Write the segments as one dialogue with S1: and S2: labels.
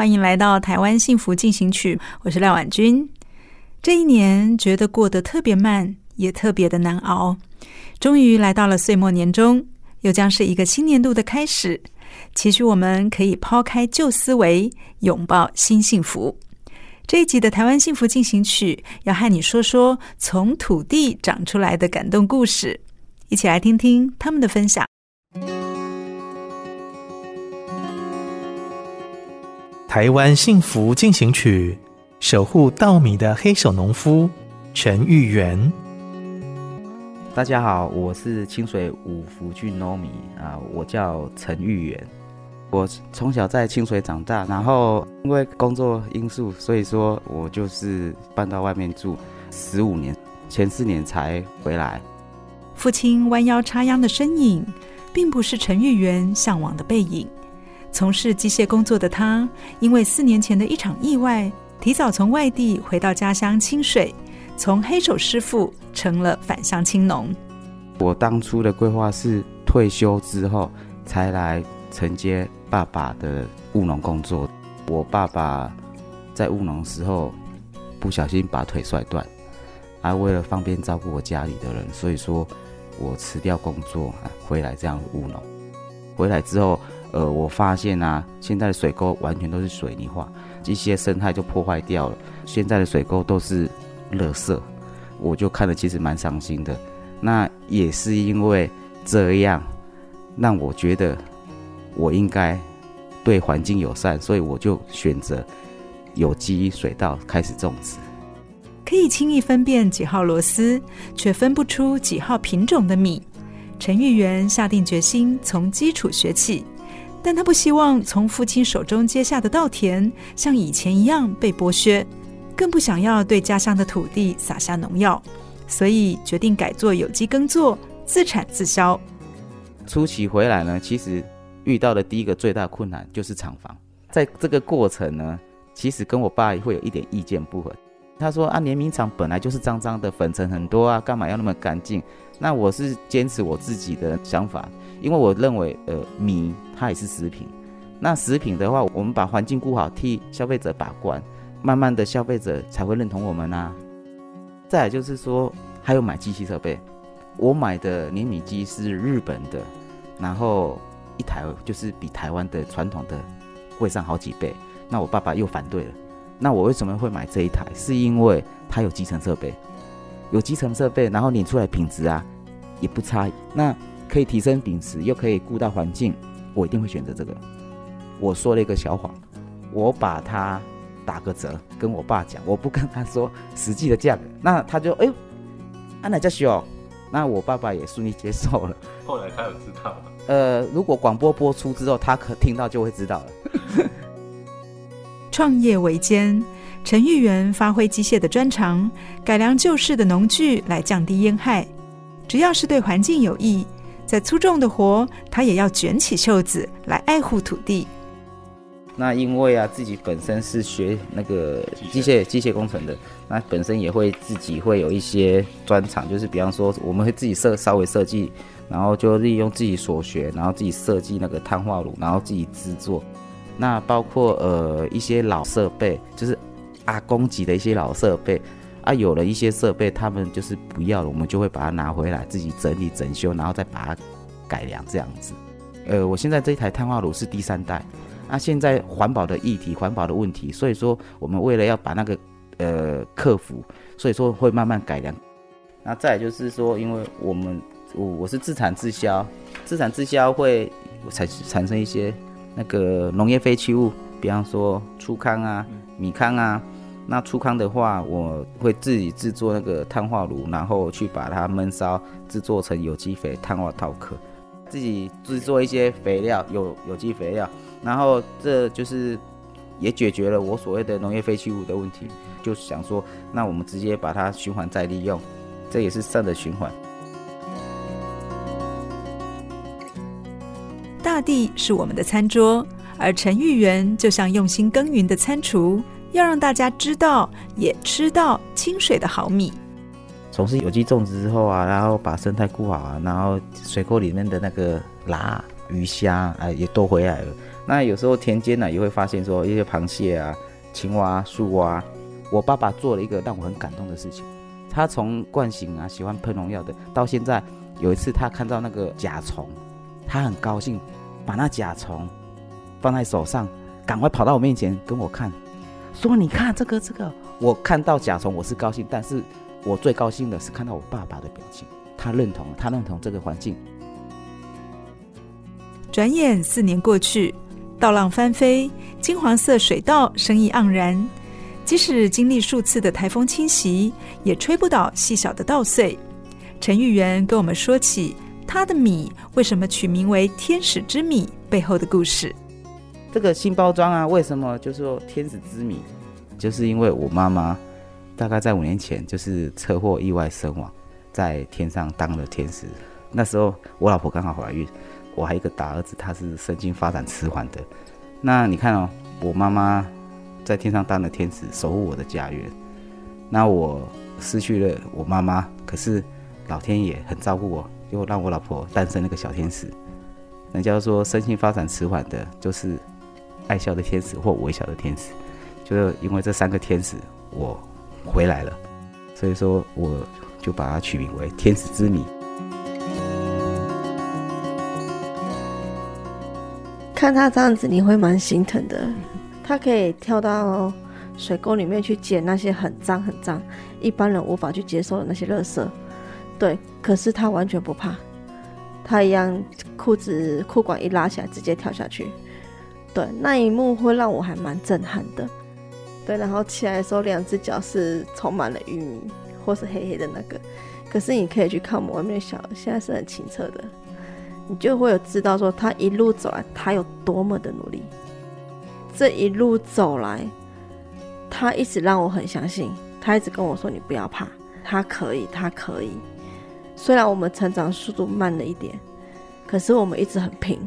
S1: 歡迎來到《台灣幸福進行曲》，我是廖婉君。這一年覺得過得特別慢，也特別的難熬。終於來到了歲末年終，又將是一個新年度的開始。期許我們可以拋開舊思維，擁抱新幸福。這一集的《台灣幸福進行曲》要和你說說從土地長出來的感動故事，一起來聽聽他們的分享。
S2: 台灣幸福進行曲，守護稻米的黑手農夫陳裕源。大家好，我是清水五福郡農民啊，我叫陳裕源。我從小在清水長大，然後因為工作因素，所以說我就是搬到外面住15年，十五年前四年才回來。
S1: 父親彎腰插秧的身影，並不是陳裕源嚮往的背影。從事機械工作的他，因為四年前的一場意外，提早從外地回到家鄉清水，從黑手師傅成了返鄉青農。
S2: 我當初的規劃是退休之後才來承接爸爸的務農工作。我爸爸在務農時候不小心把腿摔斷，啊，為了方便照顧我家裡的人，所以說我辭掉工作，啊，回來這樣務農。回來之後。呃，我發現啊，現在的水溝完全都是水泥化，一些生態就破壞掉了。現在的水溝都是垃圾，我就看得，其實蠻傷心的。那也是因為這樣，讓我覺得我應該對環境友善，所以我就選擇有機水稻開始種植。
S1: 可以輕易分辨幾號螺絲，卻分不出幾號品種的米。陳裕源下定決心從基礎學起。但他不希望從父親手中接下的稻田像以前一樣被剝削，更不想要對家鄉的土地撒下農藥，所以決定改做有機耕作，自產自銷。
S2: 初期回來呢，其實遇到的第一個最大困難就是廠房。在這個過程呢，其實跟我爸會有一點意見不合。他說：“啊，碾米廠本來就是髒脏的，粉塵很多啊，幹嘛要那麼乾淨？”那我是堅持我自己的想法，因為我認為，呃，米。它也是食品，那食品的話，我們把環境顧好，替消費者把關，慢慢的消費者才會認同我們啊。再來就是說，還有買機器設備，我買的碾米機是日本的，然後一台就是比台灣的傳統的貴上好幾倍，那我爸爸又反對了。那我為什麼會買這一台？是因為它有集成設備，有集成設備，然後碾出來品質啊也不差，那可以提升品質，又可以顧到環境。我一定會選擇這個。我說了一個小謊，我把它打個折，跟我爸講，我不跟他說實際的價格。那他就哎呦，阿、啊、奶這麼小，那我爸爸也順利接受了。
S3: 後來他有知道
S2: 嗎？呃，如果廣播播出之後，他可聽到就會知道了。
S1: 創業維艱，陳裕源發揮機械的專長，改良舊式的農具來降低煙害，只要是對環境有益。再粗重的活，他也要捲起袖子來愛護土地。
S2: 那因為啊，自己本身是學那個機械機械工程的，那本身也會自己會有一些專長，就是比方說我們會自己設稍微設計，然後就利用自己所學，然後自己設計那個碳化爐，然後自己製作。那包括呃一些老設備，就是啊，公級的一些老設備。啊，有了一些設備，他們就是不要了，我們就會把它拿回來，自己整理整修，然後再把它改良這樣子。呃，我現在這一台碳化爐是第三代。啊，現在環保的議題，環保的問題，所以說我們為了要把那個呃克服，所以說會慢慢改良。那再就是說，因為我們我、哦、我是自產自銷，自產自銷會產產生一些那個農業廢棄物，比方說粗糠啊、米糠啊。那粗糠的話，我會自己製作那個碳化爐，然後去把它燜燒，製作成有機肥、碳化套殼，自己製作一些肥料，有有機肥料。然後這就是也解決了我所謂的農業廢棄物的問題。就是想說，那我們直接把它循環再利用，這也是善的循環。
S1: 大地是我們的餐桌，而陳裕源就像用心耕耘的餐廚。要讓大家知道，也吃到清水的好米。
S2: 從事有機種植之後啊，然後把生態顧好啊，然後水溝裡面的那個拉魚蝦啊、哎，也都回來了。那有時候田間呢、啊，也會發現說一些螃蟹啊、青蛙、樹蛙。我爸爸做了一個讓我很感動的事情，他從慣行啊喜歡噴農藥的，到現在有一次他看到那個甲蟲，他很高興，把那甲蟲放在手上，趕快跑到我面前跟我看。說，你看這個 這個，我看到甲蟲我是高興，但是我最高興的是看到我爸爸的表情，他認同，他認同這個環境。轉眼四年過去，稻浪翻飛，金黃色水稻
S1: 生意盎然，即使經歷數次的台風侵襲，也吹不倒細小的稻穗。陳裕源跟我們說起他的米為什麼取名
S2: 為“天使之米”背後的故事。這個新包裝啊，為什麼就是說天使之米，就是因為我媽媽大概在五年前就是車禍意外身亡，在天上當了天使。那時候我老婆剛好懷孕，我還有一個大兒子，他是身心發展遲緩的。那你看哦，我媽媽在天上當了天使，守護我的家園。那我失去了我媽媽，可是老天爺很照顧我，又讓我老婆誕生了個小天使。人家說身心發展遲緩的，就是。愛笑的天使或微笑的天使，就是因為這三個天使，我回來了，所以說我就把它取名為天使之米。
S3: 看他這樣子，你會蠻心疼的。他可以跳到水溝裡面去撿那些很髒很髒、一般人無法去接受的那些垃圾，對，可是他完全不怕，他一樣褲子褲管一拉起來，直接跳下去。對，那一幕會讓我還蠻震撼的，對，然後起來的時候，兩只腳是充滿了淤泥或是黑黑的那個，可是你可以去看我們外面小，現在是很清澈的，你就會有知道說他一路走來他有多麼的努力，這一路走來，他一直讓我很相信，他一直跟我說，你不要怕，他可以，他可以，雖然我們成長速度慢了一點，可是我們一直很平。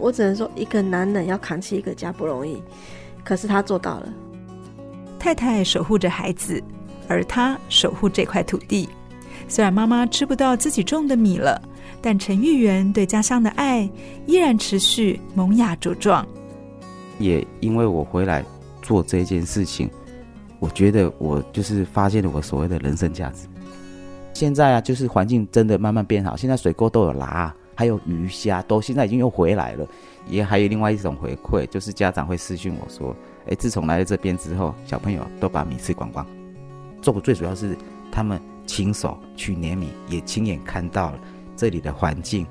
S3: 我只能說，一個男人要扛起一個家不容易，可是他做到了。
S1: 太太守護着孩子，而他守護這塊土地。雖然媽媽吃不到自己種的米了，但陳裕源對家鄉的愛依然持續萌芽茁壯。
S2: 也因為我回來做這件事情，我覺得我就是發現了我所謂的人生價值。現在啊，就是環境真的慢慢變好，現在水溝都有啦。還有魚蝦都現在已經又回來了，也還有另外一種回饋，就是家長會私訊我說，誒、欸，自從來了這邊之後，小朋友都把米吃光光，過最，最主要是他們親手去碾米，也親眼看到了這裡的環境，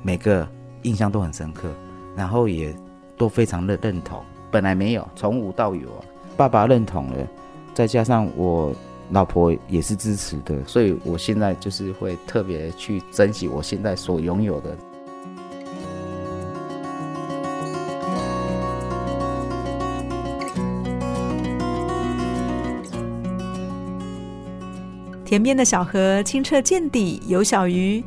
S2: 每個印象都很深刻，然後也都非常的認同。本來沒有從無到有、啊，爸爸認同了，再加上我。老婆也是支持的，所以我現在就是會特別去珍惜我現在所擁有的。
S1: 田邊的小河清澈見底，有小魚。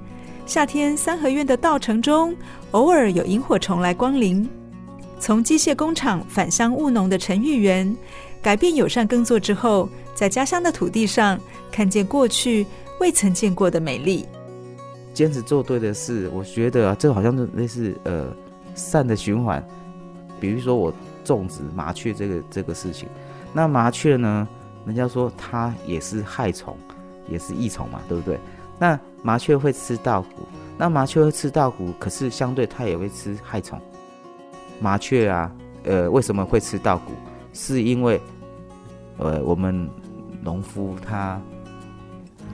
S1: 夏天，三合院的稻城中，偶爾有螢火蟲來光臨。從機械工廠返鄉務農的陳玉元陳裕源。改變友善耕作之後，在家鄉的土地上，看見過去未曾見過的美麗。
S2: 堅持做對的事，我覺得啊，這好像是類似呃善的循環。比如說我種植麻雀這個這個事情，那麻雀呢？人家說它也是害蟲，也是益蟲嘛，對不對？那麻雀會吃稻穀，那麻雀會吃稻穀，可是相對它也會吃害蟲。麻雀啊，呃，為什麼會吃稻谷？是因為，呃，我們農夫他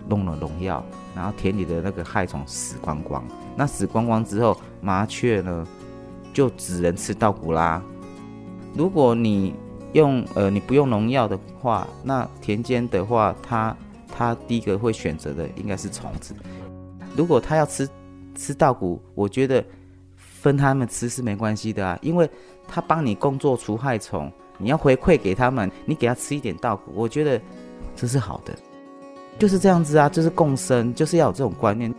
S2: 弄了農藥，然後田裡的那個害蟲死光光。那死光光之後，麻雀呢就只能吃稻穀啦。如果你用，呃，你不用農藥的話，那田間的話，它它第一個會選擇的應該是蟲子。如果它要吃吃稻穀，我覺得分它們吃是沒關係的啊，因為它幫你工作除害蟲。你要回饋給他們，你給他吃一點稻穀，我覺得這是好的，就是這樣子啊，就是共生，就是要有這種觀念，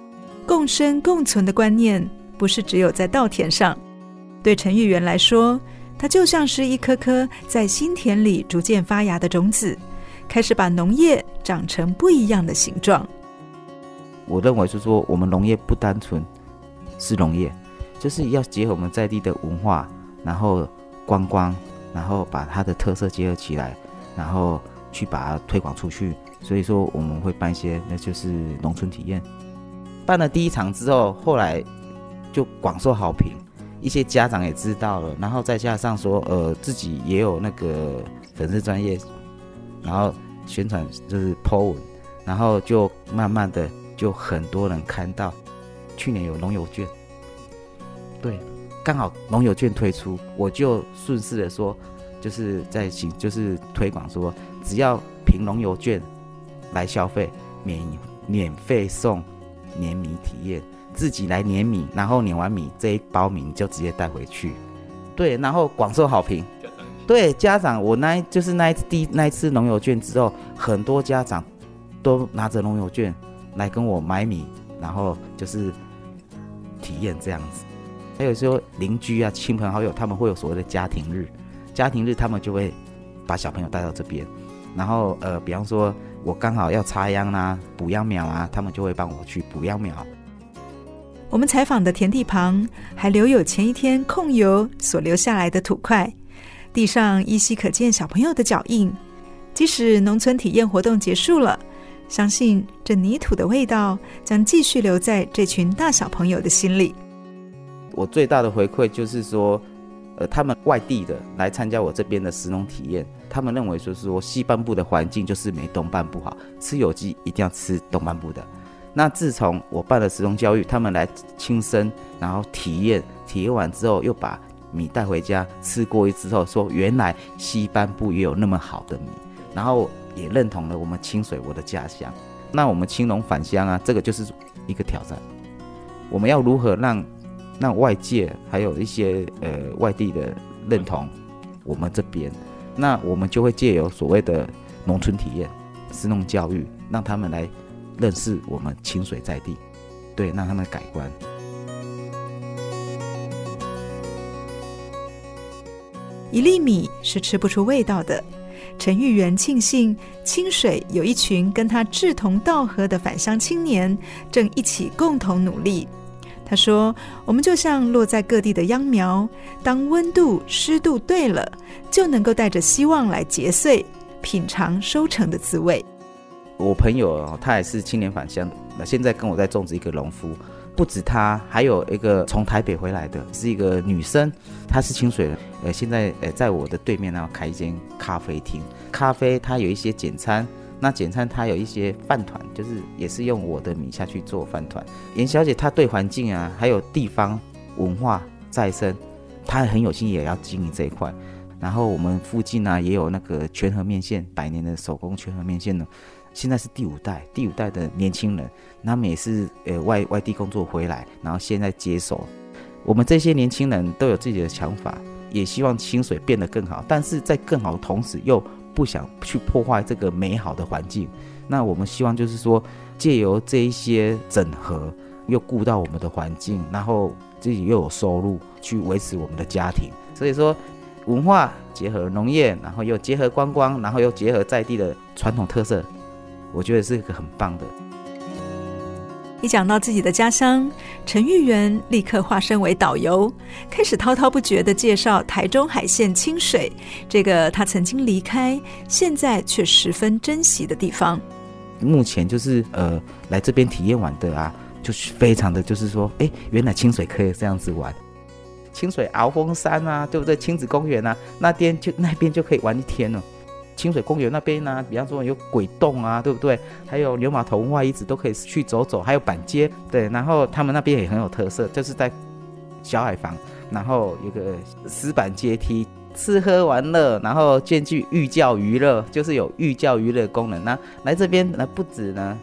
S1: 共生共存的觀念，不是只有在稻田上。對陳裕源來說，它就像是一顆顆在心田裡逐漸發芽的種子，開始把農業長成不一樣的形狀。
S2: 我認為是說，我們農業不單純是農業，就是要結合我們在地的文化，然後觀光，光。然後把它的特色結合起來，然後去把它推廣出去。所以說，我們會辦一些，那就是農村體驗。辦了第一場之後，後來就廣受好評，一些家長也知道了。然後再加上說，呃，自己也有那個粉絲專業，然後宣傳就是 po 文，然後就慢慢的就很多人看到。去年有農遊券，對。剛好農友券推出，我就順勢的說，就是在行，就是推廣說，只要憑農友券來消費，免免費送碾米體驗，自己來碾米，然後碾完米這一包米就直接帶回去。對，然後廣受好評。對，家長，我那次就是那一次，那一次農友券之後，很多家長都拿着農友券來跟我買米，然後就是體驗這樣子。還有說鄰居啊、親朋好友，他們會有所謂的家庭日，家庭日他們就會把小朋友帶到這邊，然後呃，比方說我剛好要插秧啦、啊、補秧苗啊，他們就會幫我去補秧苗。
S1: 我們採訪的田地旁還留有前一天控窯所留下來的土塊，地上依稀可見小朋友的腳印。即使農村體驗活動結束了，相信這泥土的味道將繼續留在這群大小朋友的心裡。
S2: 我最大的回饋就是說，呃，他們外地的來參加我這邊的食農體驗，他們認為就是說西半部的環境就是沒東半部好，吃有機一定要吃東半部的。那自從我辦了食農教育，他們來親身，然後體驗，體驗完之後又把米帶回家，吃過一次後說，原來西半部也有那麼好的米，然後也認同了我們清水我的家鄉。那我們青農返鄉啊，這個就是一個挑戰，我們要如何讓？那外界還有一些呃外地的認同我們這邊，那我們就會借由所謂的農村體驗、食農教育，讓他們來認識我們清水在地，對，讓他們改觀。
S1: 一粒米是吃不出味道的。陳裕源慶幸清水有一群跟他志同道合的返鄉青年，正一起共同努力。他說：“我們就像落在各地的秧苗，當溫度濕度對了，就能夠帶着希望來結穗，品嘗收成的滋味。”
S2: 我朋友他也是青年返鄉，那現在跟我在種植一個農夫，不止他，還有一個從台北回來的是一個女生，她是清水的，呃，現在呃在我的對面呢開一間咖啡廳，咖啡它有一些簡餐。那簡餐它有一些飯糰，就是也是用我的米下去做飯糰。嚴小姐她對環境啊，還有地方文化再生，她很有心也要經營這一塊。然後我們附近呢、啊、也有那個泉和麵線，百年的手工泉和麵線呢，現在是第五代，第五代的年輕人，他們也是呃外外地工作回來，然後現在接手。我們這些年輕人都有自己的想法，也希望清水變得更好，但是在更好的同時又。不想去破壞這個美好的環境，那我們希望就是說，借由這一些整合，又顧到我們的環境，然後自己又有收入去維持我們的家庭。所以說，文化結合農業，然後又結合觀光，然後又結合在地的傳統特色，我覺得是一個很棒的。
S1: 一講到自己的家鄉，陳裕源立刻化身為導遊，開始滔滔不絕的介紹台中海線清水這個他曾經離開，現在卻十分珍惜的地方。
S2: 目前就是呃來這邊體驗玩的啊,就是非常的，就是說，哎，原來清水可以這樣子玩，清水鰲峰山啊，對不對？親子公園啊，那邊就那邊就可以玩一天了。清水公園那邊呢、啊，比方說有鬼洞啊，對不對？還有牛罵頭文化遺址都可以去走走，還有板街，對。然後他們那邊也很有特色，就是在小矮房，然後有個石板階梯，吃喝玩樂，然後兼具寓教娛樂，就是有寓教娛樂功能。那來這邊，那不止呢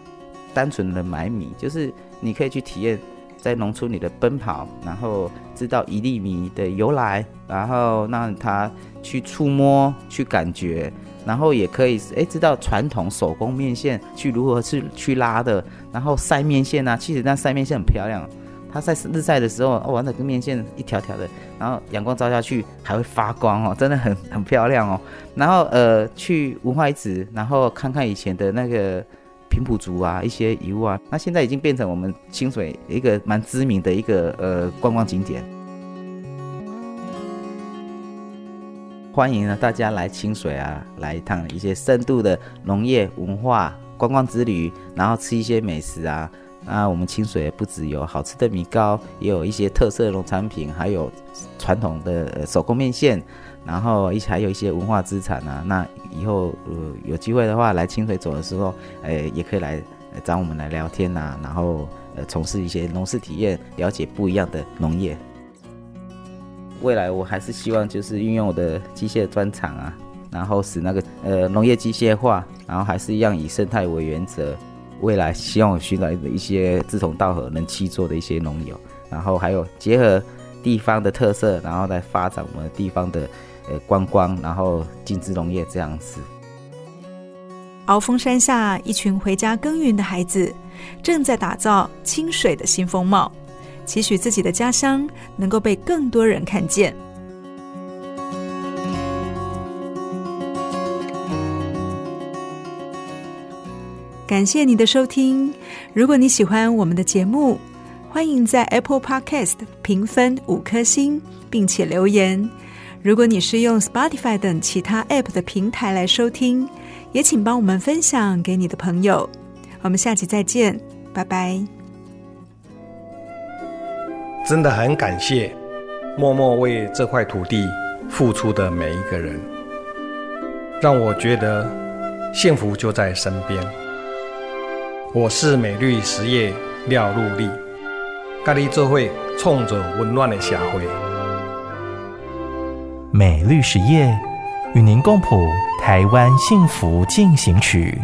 S2: 單純的買米，就是你可以去體驗在農村裡的奔跑，然後知道一粒米的由來，然後讓他去觸摸，去感覺。然後也可以哎，知道傳統手工麵線去如何去去拉的，然後曬麵線啊，其實那曬麵線很漂亮，它在日曬的時候，哦，完、那、整個麵線一條條的，然後陽光照下去還會發光哦，真的很很漂亮哦。然後呃，去文化遺址，然後看看以前的那個平埔族啊一些遺物啊，那現在已經變成我們清水一個蠻知名的一個呃觀光景點。歡迎呢，大家來清水啊，來一趟一些深度的農業文化觀光之旅，然後吃一些美食啊。那我們清水不只有好吃的米糕，也有一些特色農產品，還有傳統的手工麵線，然後一起還有一些文化資產啊。那以後呃有機會的話，來清水走的時候，呃，也可以來找我們來聊天吶，啊，然後呃從事一些農事體驗，了解不一樣的農業。未來我還是希望就是運用我的機械專長啊，然後使那個呃農業機械化，然後還是一樣以生態為原則。未來希望尋找一些志同道合、能一起做的一些農友，然後還有結合地方的特色，然後再發展我們地方的呃觀光，然後精緻農業這樣子。
S1: 鰲峰山下，一群回家耕耘的孩子，正在打造清水的新風貌。期許自己的家鄉能夠被更多人看見。感謝你的收聽，如果你喜歡我們的節目，歡迎在 Apple Podcast 評分五顆星，並且留言。如果你是用 Spotify 等其他 App 的平台來收聽，也請幫我們分享給你的朋友。我們下期再見，拜拜。
S3: 真的很感謝默默為這塊土地付出的每一個人，讓我覺得幸福就在身邊。我是美律實業廖祿立，咖喱這會衝著溫暖的霞輝，
S2: 美律實業與您共譜台灣幸福進行曲。